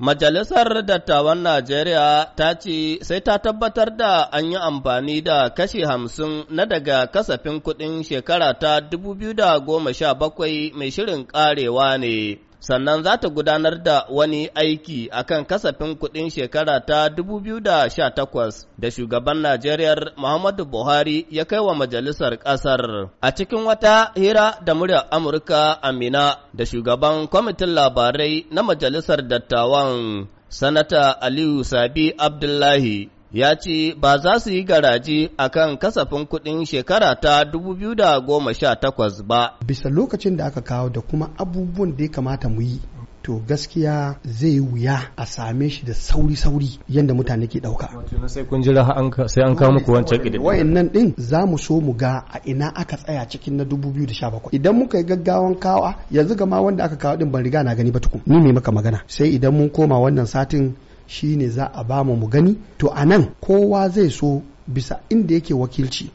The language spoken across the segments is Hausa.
Majalisar Dattawan Najeriya ta ce sai ta tabbatar da an yi amfani da kashi hamsin na daga kasafin kuɗin shekara ta 2017 mai shirin ƙarewa ne sannan za ta gudanar da wani aiki a kan kasafin kuɗin shekara ta 2018 da shugaban Najeriya Muhammadu Buhari ya kai wa majalisar ƙasar. A cikin wata hira da muryar Amurka Amina da shugaban kwamitin labarai na majalisar dattawan Sanata Aliyu Sabi Abdullahi ya ce ba za su yi garaji a kan kasafin kuɗin shekara ta 2018 ba. Bisa lokacin da aka kawo da kuma abubuwan da ya kamata mu yi, to gaskiya zai wuya a same shi da sauri-sauri yadda mutane ke ɗauka. sai kun jira sai an kawo muku wancan Wayan nan ɗin za mu so mu ga a ina aka tsaya cikin na 2017. Idan muka yi gaggawan kawa yanzu gama wanda aka kawo ɗin ban riga na gani ba tukun. Ni ne maka magana. Sai idan mun koma wannan satin Shi ne za a ba mu gani to a nan kowa zai so bisa inda yake wakilci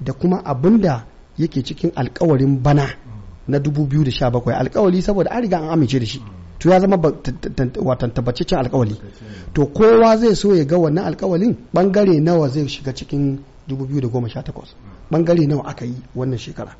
da kuma abin da yake cikin alkawarin bana na 2017 alkawari saboda an riga an amince da shi to ya zama watan tabbacicin alkawari to kowa zai so ya ga wannan alkawarin bangare nawa zai shiga cikin 2018 bangare nawa aka yi wannan shekara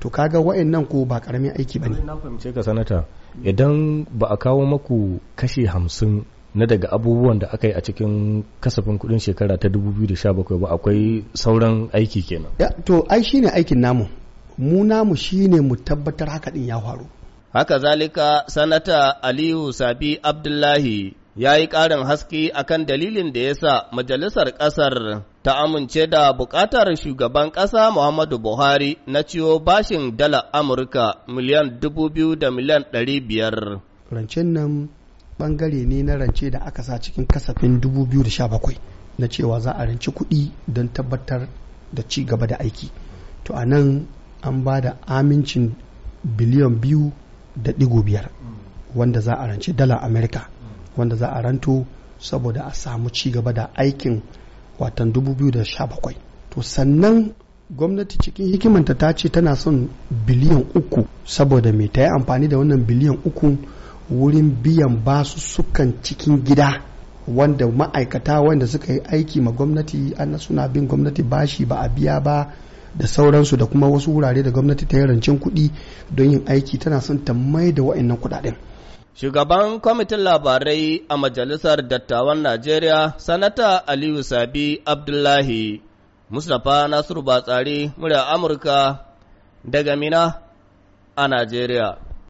to kaga wa'annan ko ba karamin aiki bane na fahimce ka sanata idan ba a kawo maku kashi hamsin na daga abubuwan da aka yi a cikin kasafin kudin shekara ta 2017 ba akwai sauran aiki kenan ya to ai shine aikin namu mu namu shine mu tabbatar haka din ya faru haka zalika sanata aliyu sabi abdullahi ya yi ƙarin haske akan dalilin da ya sa majalisar ƙasar ta amince da buƙatar shugaban ƙasa Muhammadu Buhari na ciwo bashin dala Amurka miliyan dubu biyu da miliyan ɗari biyar. Rancen nan bangare ne na rance da aka sa cikin kasafin 2017 na cewa za a ranci kuɗi don tabbatar da ci gaba da aiki to a nan an ba da amincin biliyan biyu da ɗigo biyar wanda za a ranci dala amerika wanda za a ranto saboda a samu ci gaba da aikin watan 2017 to sannan gwamnati cikin hikimanta ta ce tana son biliyan uku saboda mai ta yi amfani da wannan biliyan uku wurin biyan basu sukan cikin gida wanda ma'aikata wanda suka yi aiki ma gwamnati an suna bin gwamnati bashi ba a biya ba da sauransu da kuma wasu wurare da gwamnati ta yi rancen kuɗi don yin aiki tana son ta mai da wa'annan kuɗaɗen. Shugaban kwamitin labarai a Majalisar Dattawan Najeriya, Sanata Aliyu Sabi Abdullahi, Mustapha Nasiru Batsari, murya Amurka daga Mina a Najeriya.